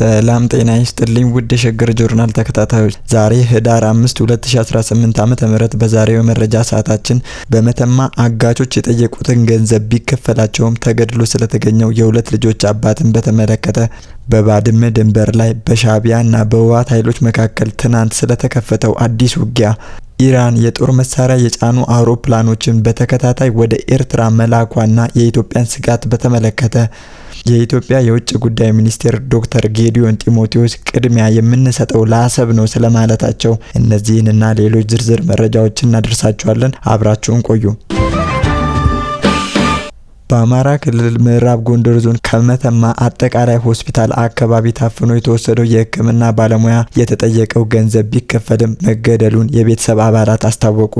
ሰላም ጤና ይስጥልኝ ውድ የሸገር ጆርናል ተከታታዮች፣ ዛሬ ህዳር 5 2018 ዓመተ ምህረት በዛሬው መረጃ ሰዓታችን በመተማ አጋቾች የጠየቁትን ገንዘብ ቢከፈላቸውም ተገድሎ ስለተገኘው የሁለት ልጆች አባትን በተመለከተ በባድመ ድንበር ላይ በሻቢያና በህወሓት ኃይሎች መካከል ትናንት ስለተከፈተው አዲስ ውጊያ ኢራን የጦር መሳሪያ የጫኑ አውሮፕላኖችን በተከታታይ ወደ ኤርትራ መላኳና የኢትዮጵያን ስጋት በተመለከተ የኢትዮጵያ የውጭ ጉዳይ ሚኒስቴር ዶክተር ጌዲዮን ጢሞቴዎስ ቅድሚያ የምንሰጠው ለአሰብ ነው ስለማለታቸው እነዚህንና ሌሎች ዝርዝር መረጃዎችን እናደርሳችኋለን። አብራችሁን ቆዩ። በአማራ ክልል ምዕራብ ጎንደር ዞን ከመተማ አጠቃላይ ሆስፒታል አካባቢ ታፍኖ የተወሰደው የሕክምና ባለሙያ የተጠየቀው ገንዘብ ቢከፈልም መገደሉን የቤተሰብ አባላት አስታወቁ።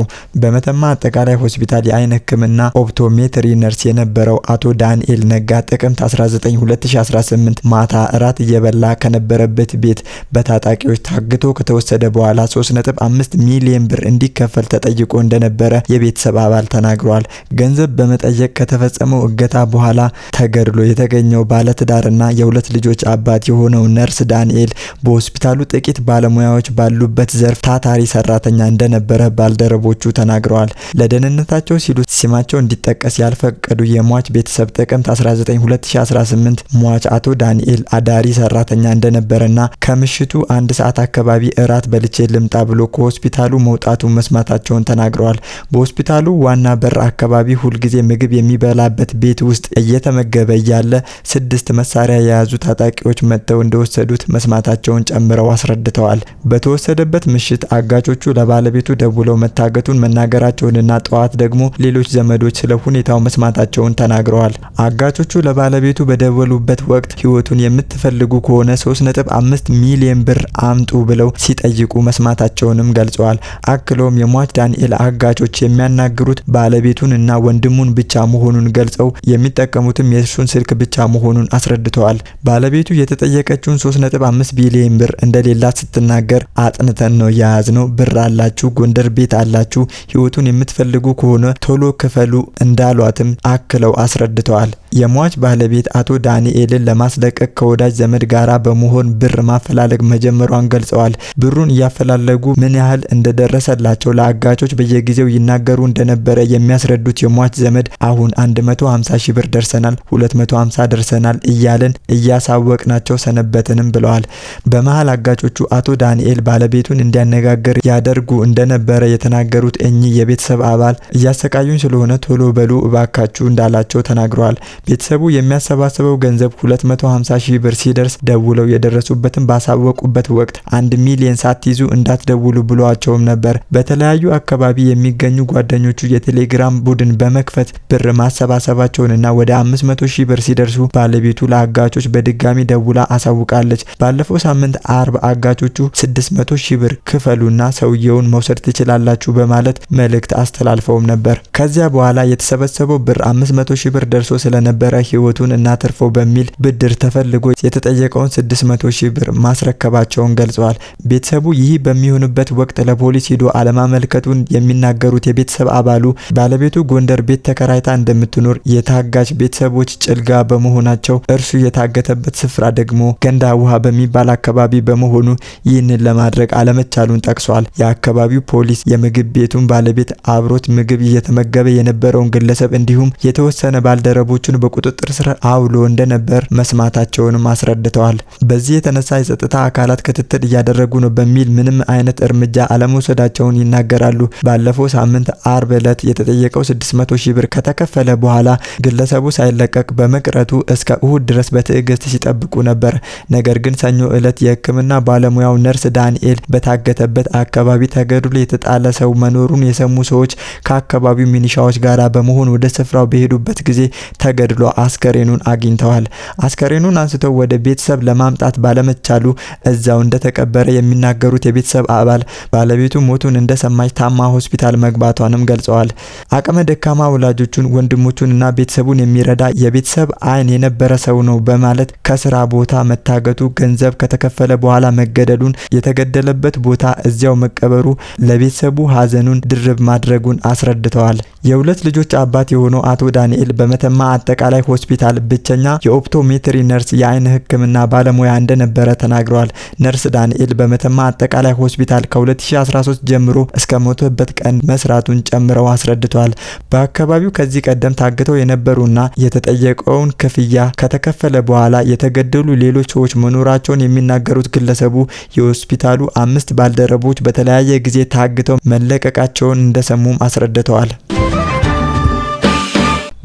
በመተማ አጠቃላይ ሆስፒታል የአይን ሕክምና ኦፕቶሜትሪ ነርስ የነበረው አቶ ዳንኤል ነጋ ጥቅምት 19 2018 ማታ እራት እየበላ ከነበረበት ቤት በታጣቂዎች ታግቶ ከተወሰደ በኋላ 3.5 ሚሊዮን ብር እንዲከፈል ተጠይቆ እንደነበረ የቤተሰብ አባል ተናግሯል። ገንዘብ በመጠየቅ ከተፈጸመው እገታ በኋላ ተገድሎ የተገኘው ባለትዳርና የሁለት ልጆች አባት የሆነው ነርስ ዳንኤል በሆስፒታሉ ጥቂት ባለሙያዎች ባሉበት ዘርፍ ታታሪ ሰራተኛ እንደነበረ ባልደረቦቹ ተናግረዋል። ለደህንነታቸው ሲሉ ስማቸው እንዲጠቀስ ያልፈቀዱ የሟች ቤተሰብ ጥቅምት 19 2018 ሟች አቶ ዳንኤል አዳሪ ሰራተኛ እንደነበረና ከምሽቱ አንድ ሰዓት አካባቢ እራት በልቼ ልምጣ ብሎ ከሆስፒታሉ መውጣቱ መስማታቸውን ተናግረዋል። በሆስፒታሉ ዋና በር አካባቢ ሁልጊዜ ምግብ የሚበላበት በሚኖርበት ቤት ውስጥ እየተመገበ እያለ ስድስት መሳሪያ የያዙ ታጣቂዎች መጥተው እንደወሰዱት መስማታቸውን ጨምረው አስረድተዋል። በተወሰደበት ምሽት አጋቾቹ ለባለቤቱ ደውለው መታገቱን መናገራቸውንና ጠዋት ደግሞ ሌሎች ዘመዶች ስለ ሁኔታው መስማታቸውን ተናግረዋል። አጋቾቹ ለባለቤቱ በደወሉበት ወቅት ሕይወቱን የምትፈልጉ ከሆነ 3.5 ሚሊዮን ብር አምጡ ብለው ሲጠይቁ መስማታቸውንም ገልጸዋል። አክለውም የሟች ዳንኤል አጋቾች የሚያናግሩት ባለቤቱን እና ወንድሙን ብቻ መሆኑን ገልጸው ገልጸው የሚጠቀሙትም የእሱን ስልክ ብቻ መሆኑን አስረድተዋል። ባለቤቱ የተጠየቀችውን 3.5 ቢሊዮን ብር እንደሌላት ስትናገር አጥንተን ነው የያዝ ነው ብር አላችሁ፣ ጎንደር ቤት አላችሁ፣ ህይወቱን የምትፈልጉ ከሆነ ቶሎ ክፈሉ እንዳሏትም አክለው አስረድተዋል። የሟች ባለቤት አቶ ዳንኤልን ለማስለቀቅ ከወዳጅ ዘመድ ጋራ በመሆን ብር ማፈላለግ መጀመሯን ገልጸዋል። ብሩን እያፈላለጉ ምን ያህል እንደደረሰላቸው ለአጋቾች በየጊዜው ይናገሩ እንደነበረ የሚያስረዱት የሟች ዘመድ አሁን አንድ መቶ 250 ሺህ ብር ደርሰናል፣ 250 ደርሰናል እያሳወቅ እያሳወቅናቸው ሰነበትንም ብለዋል። በመሀል አጋጮቹ አቶ ዳንኤል ባለቤቱን እንዲያነጋገር ያደርጉ እንደነበረ የተናገሩት እኚህ የቤተሰብ አባል እያሰቃዩን ስለሆነ ቶሎ በሉ እባካችሁ እንዳላቸው ተናግረዋል። ቤተሰቡ የሚያሰባስበው ገንዘብ 250 ሺህ ብር ሲደርስ ደውለው የደረሱበትን ባሳወቁበት ወቅት አንድ ሚሊየን ሳትይዙ እንዳትደውሉ ብሏቸውም ነበር። በተለያዩ አካባቢ የሚገኙ ጓደኞቹ የቴሌግራም ቡድን በመክፈት ብር ማሰባሰብ መሰባሰባቸውንና ወደ 500 ሺህ ብር ሲደርሱ ባለቤቱ ለአጋቾች በድጋሚ ደውላ አሳውቃለች። ባለፈው ሳምንት አርብ አጋቾቹ 600 ሺህ ብር ክፈሉና ሰውየውን መውሰድ ትችላላችሁ በማለት መልእክት አስተላልፈውም ነበር። ከዚያ በኋላ የተሰበሰበው ብር 500 ሺህ ብር ደርሶ ስለነበረ ህይወቱን እናተርፈው በሚል ብድር ተፈልጎ የተጠየቀውን 600 ሺህ ብር ማስረከባቸውን ገልጸዋል። ቤተሰቡ ይህ በሚሆንበት ወቅት ለፖሊስ ሂዶ አለማመልከቱን የሚናገሩት የቤተሰብ አባሉ ባለቤቱ ጎንደር ቤት ተከራይታ እንደምትኖር የታጋች ቤተሰቦች ጭልጋ በመሆናቸው እርሱ የታገተበት ስፍራ ደግሞ ገንዳ ውሃ በሚባል አካባቢ በመሆኑ ይህንን ለማድረግ አለመቻሉን ጠቅሷል። የአካባቢው ፖሊስ የምግብ ቤቱን ባለቤት አብሮት ምግብ እየተመገበ የነበረውን ግለሰብ እንዲሁም የተወሰነ ባልደረቦቹን በቁጥጥር ስር አውሎ እንደነበር መስማታቸውንም አስረድተዋል። በዚህ የተነሳ የጸጥታ አካላት ክትትል እያደረጉ ነው በሚል ምንም አይነት እርምጃ አለመውሰዳቸውን ይናገራሉ። ባለፈው ሳምንት አርብ ዕለት የተጠየቀው 600 ሺህ ብር ከተከፈለ በኋላ በኋላ ግለሰቡ ሳይለቀቅ በመቅረቱ እስከ እሁድ ድረስ በትዕግስት ሲጠብቁ ነበር። ነገር ግን ሰኞ ዕለት የሕክምና ባለሙያው ነርስ ዳንኤል በታገተበት አካባቢ ተገድሎ የተጣለ ሰው መኖሩን የሰሙ ሰዎች ከአካባቢው ሚኒሻዎች ጋር በመሆን ወደ ስፍራው በሄዱበት ጊዜ ተገድሎ አስከሬኑን አግኝተዋል። አስከሬኑን አንስተው ወደ ቤተሰብ ለማምጣት ባለመቻሉ እዛው እንደተቀበረ የሚናገሩት የቤተሰብ አባል ባለቤቱ ሞቱን እንደሰማች ታማ ሆስፒታል መግባቷንም ገልጸዋል። አቅመ ደካማ ወላጆቹን ወንድሞቹን እና ቤተሰቡን የሚረዳ የቤተሰብ ዓይን የነበረ ሰው ነው በማለት ከስራ ቦታ መታገቱ፣ ገንዘብ ከተከፈለ በኋላ መገደሉን፣ የተገደለበት ቦታ እዚያው መቀበሩ ለቤተሰቡ ሀዘኑን ድርብ ማድረጉን አስረድተዋል። የሁለት ልጆች አባት የሆነው አቶ ዳንኤል በመተማ አጠቃላይ ሆስፒታል ብቸኛ የኦፕቶሜትሪ ነርስ የአይን ሕክምና ባለሙያ እንደነበረ ተናግረዋል። ነርስ ዳንኤል በመተማ አጠቃላይ ሆስፒታል ከ2013 ጀምሮ እስከ ሞተበት ቀን መስራቱን ጨምረው አስረድተዋል። በአካባቢው ከዚህ ቀደም ታግተው ተገኝተው የነበሩና የተጠየቀውን ክፍያ ከተከፈለ በኋላ የተገደሉ ሌሎች ሰዎች መኖራቸውን የሚናገሩት ግለሰቡ የሆስፒታሉ አምስት ባልደረቦች በተለያየ ጊዜ ታግተው መለቀቃቸውን እንደሰሙም አስረድተዋል።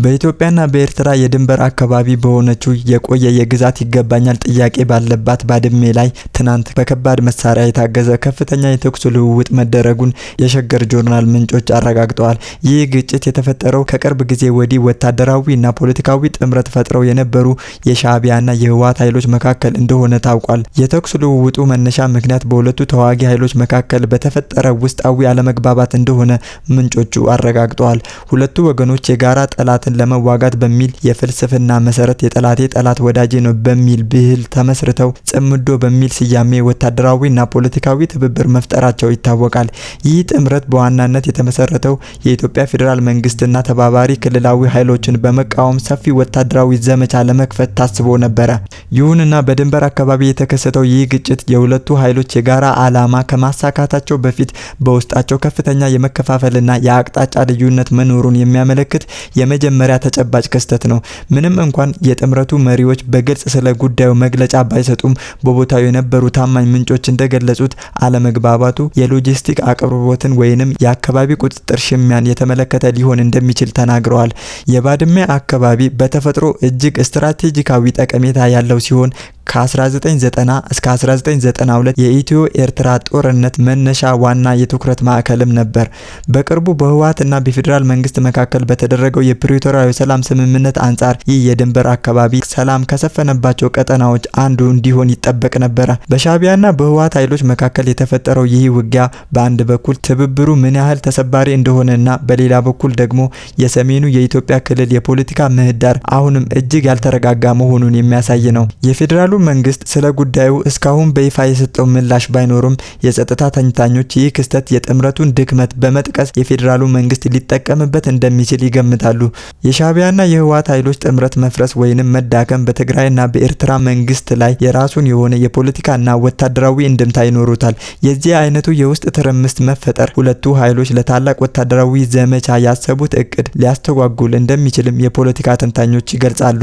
በኢትዮጵያና በኤርትራ የድንበር አካባቢ በሆነችው የቆየ የግዛት ይገባኛል ጥያቄ ባለባት ባድሜ ላይ ትናንት በከባድ መሳሪያ የታገዘ ከፍተኛ የተኩስ ልውውጥ መደረጉን የሸገር ጆርናል ምንጮች አረጋግጠዋል። ይህ ግጭት የተፈጠረው ከቅርብ ጊዜ ወዲህ ወታደራዊና ፖለቲካዊ ጥምረት ፈጥረው የነበሩ የሻዕቢያና የህወሓት ኃይሎች መካከል እንደሆነ ታውቋል። የተኩስ ልውውጡ መነሻ ምክንያት በሁለቱ ተዋጊ ኃይሎች መካከል በተፈጠረ ውስጣዊ አለመግባባት እንደሆነ ምንጮቹ አረጋግጠዋል። ሁለቱ ወገኖች የጋራ ጠላት ጠላትን ለመዋጋት በሚል የፍልስፍና መሰረት የጠላቴ ጠላት ወዳጄ ነው በሚል ብህል ተመስርተው ጽምዶ በሚል ስያሜ ወታደራዊና ፖለቲካዊ ትብብር መፍጠራቸው ይታወቃል። ይህ ጥምረት በዋናነት የተመሰረተው የኢትዮጵያ ፌዴራል መንግስትና ተባባሪ ክልላዊ ኃይሎችን በመቃወም ሰፊ ወታደራዊ ዘመቻ ለመክፈት ታስቦ ነበረ። ይሁንና በድንበር አካባቢ የተከሰተው ይህ ግጭት የሁለቱ ኃይሎች የጋራ ዓላማ ከማሳካታቸው በፊት በውስጣቸው ከፍተኛ የመከፋፈልና የአቅጣጫ ልዩነት መኖሩን የሚያመለክት የመጀመ የመጀመሪያ ተጨባጭ ክስተት ነው። ምንም እንኳን የጥምረቱ መሪዎች በግልጽ ስለ ጉዳዩ መግለጫ ባይሰጡም በቦታው የነበሩ ታማኝ ምንጮች እንደገለጹት አለመግባባቱ የሎጂስቲክ አቅርቦትን ወይንም የአካባቢ ቁጥጥር ሽሚያን የተመለከተ ሊሆን እንደሚችል ተናግረዋል። የባድመ አካባቢ በተፈጥሮ እጅግ ስትራቴጂካዊ ጠቀሜታ ያለው ሲሆን ከ1990 እስከ 1992 የኢትዮ ኤርትራ ጦርነት መነሻ ዋና የትኩረት ማዕከልም ነበር። በቅርቡ በህወሀትና በፌዴራል መንግስት መካከል በተደረገው የፕሪቶሪያው ሰላም ስምምነት አንጻር ይህ የድንበር አካባቢ ሰላም ከሰፈነባቸው ቀጠናዎች አንዱ እንዲሆን ይጠበቅ ነበረ። በሻቢያና በህወሀት ኃይሎች መካከል የተፈጠረው ይህ ውጊያ በአንድ በኩል ትብብሩ ምን ያህል ተሰባሪ እንደሆነና በሌላ በኩል ደግሞ የሰሜኑ የኢትዮጵያ ክልል የፖለቲካ ምህዳር አሁንም እጅግ ያልተረጋጋ መሆኑን የሚያሳይ ነው። የፌዴራሉ የክልሉ መንግስት ስለ ጉዳዩ እስካሁን በይፋ የሰጠው ምላሽ ባይኖርም የጸጥታ ተንታኞች ይህ ክስተት የጥምረቱን ድክመት በመጥቀስ የፌዴራሉ መንግስት ሊጠቀምበት እንደሚችል ይገምታሉ። የሻቢያና የህወሓት ኃይሎች ጥምረት መፍረስ ወይንም መዳከም በትግራይና በኤርትራ መንግስት ላይ የራሱን የሆነ የፖለቲካና ወታደራዊ እንድምታ ይኖሩታል። የዚህ አይነቱ የውስጥ ትርምስት መፈጠር ሁለቱ ኃይሎች ለታላቅ ወታደራዊ ዘመቻ ያሰቡት እቅድ ሊያስተጓጉል እንደሚችልም የፖለቲካ ተንታኞች ይገልጻሉ።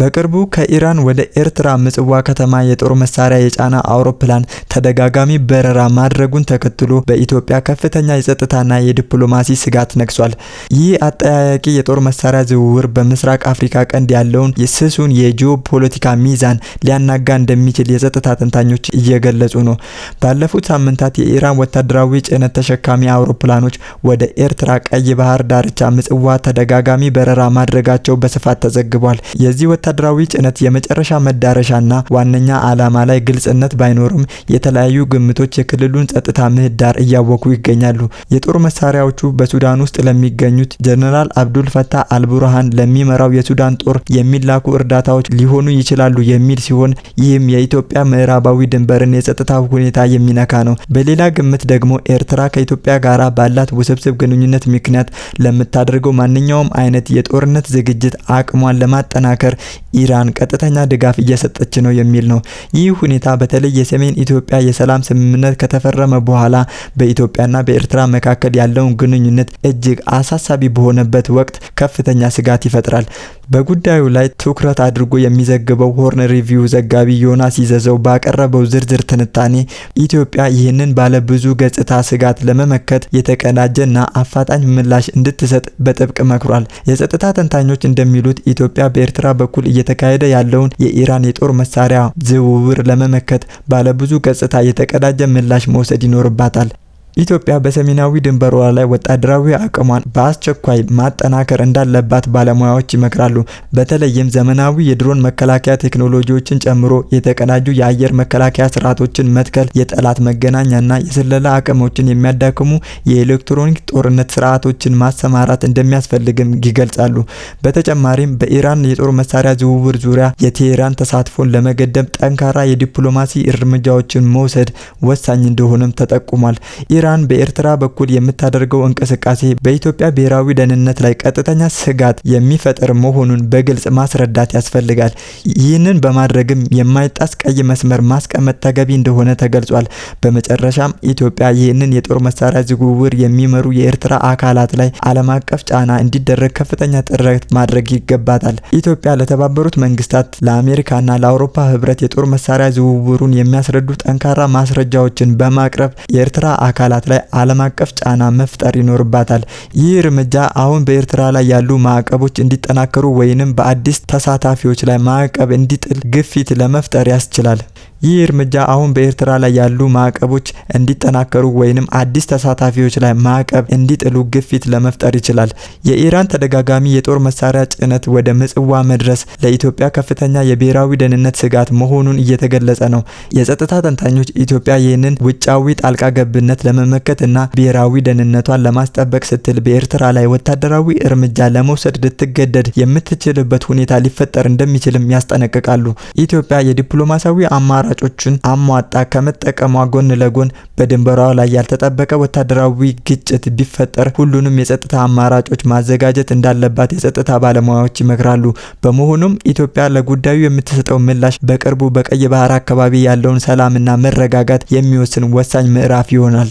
በቅርቡ ከኢራን ወደ ኤርትራ ምጽዋ ከተማ የጦር መሳሪያ የጫና አውሮፕላን ተደጋጋሚ በረራ ማድረጉን ተከትሎ በኢትዮጵያ ከፍተኛ የጸጥታና የዲፕሎማሲ ስጋት ነግሷል። ይህ አጠያያቂ የጦር መሳሪያ ዝውውር በምስራቅ አፍሪካ ቀንድ ያለውን ስሱን የጂኦ ፖለቲካ ሚዛን ሊያናጋ እንደሚችል የጸጥታ ተንታኞች እየገለጹ ነው። ባለፉት ሳምንታት የኢራን ወታደራዊ ጭነት ተሸካሚ አውሮፕላኖች ወደ ኤርትራ ቀይ ባህር ዳርቻ ምጽዋ ተደጋጋሚ በረራ ማድረጋቸው በስፋት ተዘግቧል። የዚህ የወታደራዊ ጭነት የመጨረሻ መዳረሻና ዋነኛ ዓላማ ላይ ግልጽነት ባይኖርም የተለያዩ ግምቶች የክልሉን ጸጥታ ምህዳር እያወኩ ይገኛሉ። የጦር መሳሪያዎቹ በሱዳን ውስጥ ለሚገኙት ጀነራል አብዱል ፈታ አልቡርሃን ለሚመራው የሱዳን ጦር የሚላኩ እርዳታዎች ሊሆኑ ይችላሉ የሚል ሲሆን ይህም የኢትዮጵያ ምዕራባዊ ድንበርን የጸጥታ ሁኔታ የሚነካ ነው። በሌላ ግምት ደግሞ ኤርትራ ከኢትዮጵያ ጋር ባላት ውስብስብ ግንኙነት ምክንያት ለምታደርገው ማንኛውም አይነት የጦርነት ዝግጅት አቅሟን ለማጠናከር ኢራን ቀጥተኛ ድጋፍ እየሰጠች ነው የሚል ነው። ይህ ሁኔታ በተለይ የሰሜን ኢትዮጵያ የሰላም ስምምነት ከተፈረመ በኋላ በኢትዮጵያና በኤርትራ መካከል ያለውን ግንኙነት እጅግ አሳሳቢ በሆነበት ወቅት ከፍተኛ ስጋት ይፈጥራል። በጉዳዩ ላይ ትኩረት አድርጎ የሚዘግበው ሆርን ሪቪው ዘጋቢ ዮናስ ይዘዘው ባቀረበው ዝርዝር ትንታኔ ኢትዮጵያ ይህንን ባለብዙ ገጽታ ስጋት ለመመከት የተቀናጀና አፋጣኝ ምላሽ እንድትሰጥ በጥብቅ መክሯል። የጸጥታ ተንታኞች እንደሚሉት ኢትዮጵያ በኤርትራ በኩል በኩል እየተካሄደ ያለውን የኢራን የጦር መሳሪያ ዝውውር ለመመከት ባለብዙ ገጽታ የተቀዳጀ ምላሽ መውሰድ ይኖርባታል። ኢትዮጵያ በሰሜናዊ ድንበሯ ላይ ወታደራዊ አቅሟን በአስቸኳይ ማጠናከር እንዳለባት ባለሙያዎች ይመክራሉ። በተለይም ዘመናዊ የድሮን መከላከያ ቴክኖሎጂዎችን ጨምሮ የተቀናጁ የአየር መከላከያ ስርዓቶችን መትከል፣ የጠላት መገናኛና የስለላ አቅሞችን የሚያዳክሙ የኤሌክትሮኒክ ጦርነት ስርዓቶችን ማሰማራት እንደሚያስፈልግም ይገልጻሉ። በተጨማሪም በኢራን የጦር መሳሪያ ዝውውር ዙሪያ የቴሄራን ተሳትፎን ለመገደብ ጠንካራ የዲፕሎማሲ እርምጃዎችን መውሰድ ወሳኝ እንደሆነም ተጠቁሟል። ኢራን በኤርትራ በኩል የምታደርገው እንቅስቃሴ በኢትዮጵያ ብሔራዊ ደህንነት ላይ ቀጥተኛ ስጋት የሚፈጥር መሆኑን በግልጽ ማስረዳት ያስፈልጋል። ይህንን በማድረግም የማይጣስ ቀይ መስመር ማስቀመጥ ተገቢ እንደሆነ ተገልጿል። በመጨረሻም ኢትዮጵያ ይህንን የጦር መሳሪያ ዝውውር የሚመሩ የኤርትራ አካላት ላይ ዓለም አቀፍ ጫና እንዲደረግ ከፍተኛ ጥረት ማድረግ ይገባታል። ኢትዮጵያ ለተባበሩት መንግስታት፣ ለአሜሪካና ለአውሮፓ ህብረት የጦር መሳሪያ ዝውውሩን የሚያስረዱ ጠንካራ ማስረጃዎችን በማቅረብ የኤርትራ አካላት ሀገራት ላይ ዓለም አቀፍ ጫና መፍጠር ይኖርባታል። ይህ እርምጃ አሁን በኤርትራ ላይ ያሉ ማዕቀቦች እንዲጠናከሩ ወይንም በአዲስ ተሳታፊዎች ላይ ማዕቀብ እንዲጥል ግፊት ለመፍጠር ያስችላል። ይህ እርምጃ አሁን በኤርትራ ላይ ያሉ ማዕቀቦች እንዲጠናከሩ ወይንም አዲስ ተሳታፊዎች ላይ ማዕቀብ እንዲጥሉ ግፊት ለመፍጠር ይችላል። የኢራን ተደጋጋሚ የጦር መሳሪያ ጭነት ወደ ምጽዋ መድረስ ለኢትዮጵያ ከፍተኛ የብሔራዊ ደህንነት ስጋት መሆኑን እየተገለጸ ነው። የጸጥታ ተንታኞች ኢትዮጵያ ይህንን ውጫዊ ጣልቃ ገብነት ለመመከት እና ብሔራዊ ደህንነቷን ለማስጠበቅ ስትል በኤርትራ ላይ ወታደራዊ እርምጃ ለመውሰድ ልትገደድ የምትችልበት ሁኔታ ሊፈጠር እንደሚችልም ያስጠነቅቃሉ። ኢትዮጵያ የዲፕሎማሲያዊ አማራ አማራጮችን አሟጣ ከመጠቀሟ ጎን ለጎን በድንበሯ ላይ ያልተጠበቀ ወታደራዊ ግጭት ቢፈጠር ሁሉንም የጸጥታ አማራጮች ማዘጋጀት እንዳለባት የጸጥታ ባለሙያዎች ይመክራሉ። በመሆኑም ኢትዮጵያ ለጉዳዩ የምትሰጠው ምላሽ በቅርቡ በቀይ ባህር አካባቢ ያለውን ሰላምና መረጋጋት የሚወስን ወሳኝ ምዕራፍ ይሆናል።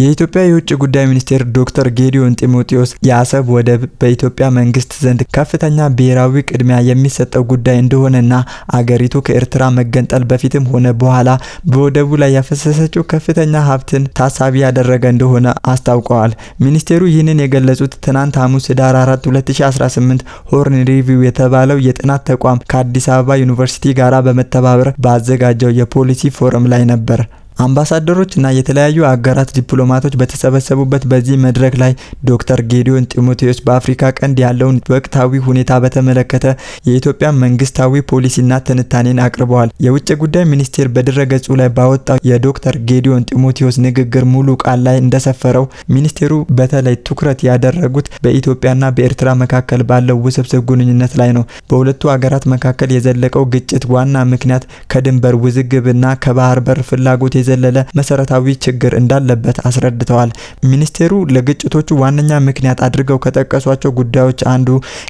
የኢትዮጵያ የውጭ ጉዳይ ሚኒስቴር ዶክተር ጌዲዮን ጢሞቴዎስ የአሰብ ወደብ በኢትዮጵያ መንግስት ዘንድ ከፍተኛ ብሔራዊ ቅድሚያ የሚሰጠው ጉዳይ እንደሆነና አገሪቱ ከኤርትራ መገንጠል በፊትም ሆነ በኋላ በወደቡ ላይ ያፈሰሰችው ከፍተኛ ሀብትን ታሳቢ ያደረገ እንደሆነ አስታውቀዋል። ሚኒስቴሩ ይህንን የገለጹት ትናንት ሐሙስ ህዳር 4 2018 ሆርን ሪቪው የተባለው የጥናት ተቋም ከአዲስ አበባ ዩኒቨርሲቲ ጋር በመተባበር ባዘጋጀው የፖሊሲ ፎረም ላይ ነበር። አምባሳደሮች እና የተለያዩ አገራት ዲፕሎማቶች በተሰበሰቡበት በዚህ መድረክ ላይ ዶክተር ጌዲዮን ጢሞቴዎስ በአፍሪካ ቀንድ ያለውን ወቅታዊ ሁኔታ በተመለከተ የኢትዮጵያ መንግስታዊ ፖሊሲና ትንታኔን አቅርበዋል። የውጭ ጉዳይ ሚኒስቴር በድረገጹ ላይ ባወጣው የዶክተር ጌዲዮን ጢሞቴዎስ ንግግር ሙሉ ቃል ላይ እንደሰፈረው ሚኒስቴሩ በተለይ ትኩረት ያደረጉት በኢትዮጵያና በኤርትራ መካከል ባለው ውስብስብ ግንኙነት ላይ ነው። በሁለቱ አገራት መካከል የዘለቀው ግጭት ዋና ምክንያት ከድንበር ውዝግብና ከባህር በር ፍላጎት የዘለለ መሰረታዊ ችግር እንዳለበት አስረድተዋል። ሚኒስቴሩ ለግጭቶቹ ዋነኛ ምክንያት አድርገው ከጠቀሷቸው ጉዳዮች አንዱ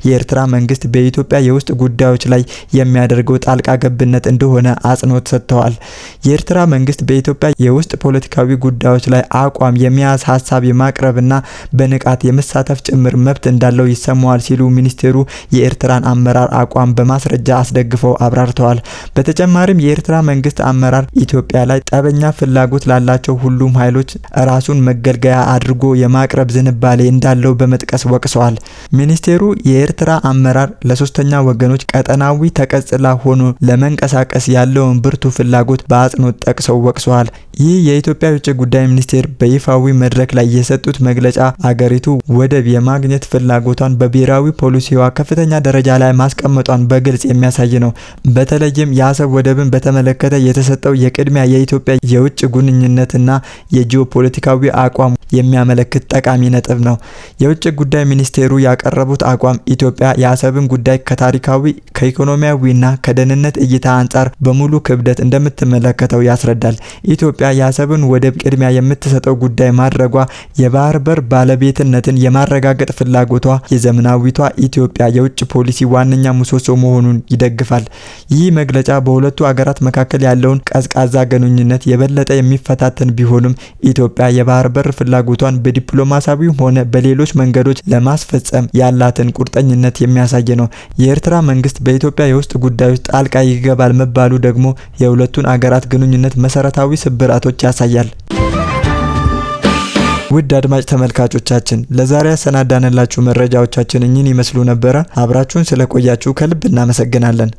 የኤርትራ መንግስት በኢትዮጵያ የውስጥ ጉዳዮች ላይ የሚያደርገው ጣልቃ ገብነት እንደሆነ አጽንኦት ሰጥተዋል። የኤርትራ መንግስት በኢትዮጵያ የውስጥ ፖለቲካዊ ጉዳዮች ላይ አቋም የሚያዝ ሀሳብ የማቅረብና በንቃት የመሳተፍ ጭምር መብት እንዳለው ይሰማዋል ሲሉ ሚኒስቴሩ የኤርትራን አመራር አቋም በማስረጃ አስደግፈው አብራርተዋል። በተጨማሪም የኤርትራ መንግስት አመራር ኢትዮጵያ ላይ ጠበኛ ፍላጎት ላላቸው ሁሉም ኃይሎች ራሱን መገልገያ አድርጎ የማቅረብ ዝንባሌ እንዳለው በመጥቀስ ወቅሰዋል። ሚኒስቴሩ የኤርትራ አመራር ለሶስተኛ ወገኖች ቀጠናዊ ተቀጽላ ሆኖ ለመንቀሳቀስ ያለውን ብርቱ ፍላጎት በአጽንኦት ጠቅሰው ወቅሰዋል። ይህ የኢትዮጵያ የውጭ ጉዳይ ሚኒስቴር በይፋዊ መድረክ ላይ የሰጡት መግለጫ አገሪቱ ወደብ የማግኘት ፍላጎቷን በብሔራዊ ፖሊሲዋ ከፍተኛ ደረጃ ላይ ማስቀመጧን በግልጽ የሚያሳይ ነው። በተለይም የአሰብ ወደብን በተመለከተ የተሰጠው የቅድሚያ የኢትዮጵያ የውጭ ግንኙነትና የጂኦፖለቲካዊ አቋም የሚያመለክት ጠቃሚ ነጥብ ነው። የውጭ ጉዳይ ሚኒስቴሩ ያቀረቡት አቋም ኢትዮጵያ የአሰብን ጉዳይ ከታሪካዊ ከኢኮኖሚያዊና ከደህንነት እይታ አንጻር በሙሉ ክብደት እንደምትመለከተው ያስረዳል። ኢትዮጵያ የአሰብን ወደብ ቅድሚያ የምትሰጠው ጉዳይ ማድረጓ የባህር በር ባለቤትነትን የማረጋገጥ ፍላጎቷ የዘመናዊቷ ኢትዮጵያ የውጭ ፖሊሲ ዋነኛ ምሰሶ መሆኑን ይደግፋል። ይህ መግለጫ በሁለቱ አገራት መካከል ያለውን ቀዝቃዛ ግንኙነት የበለጠ የሚፈታተን ቢሆንም ኢትዮጵያ የባህር በር ፍላጎቷን በዲፕሎማሲያዊም ሆነ በሌሎች መንገዶች ለማስፈጸም ያላትን ቁርጠኝነት የሚያሳይ ነው። የኤርትራ መንግስት በኢትዮጵያ የውስጥ ጉዳዮች ጣልቃ ይገባል መባሉ ደግሞ የሁለቱን አገራት ግንኙነት መሰረታዊ ስብራቶች ያሳያል። ውድ አድማጭ ተመልካቾቻችን ለዛሬ ያሰናዳንላችሁ መረጃዎቻችን እኚህን ይመስሉ ነበረ። አብራችሁን ስለቆያችሁ ከልብ እናመሰግናለን።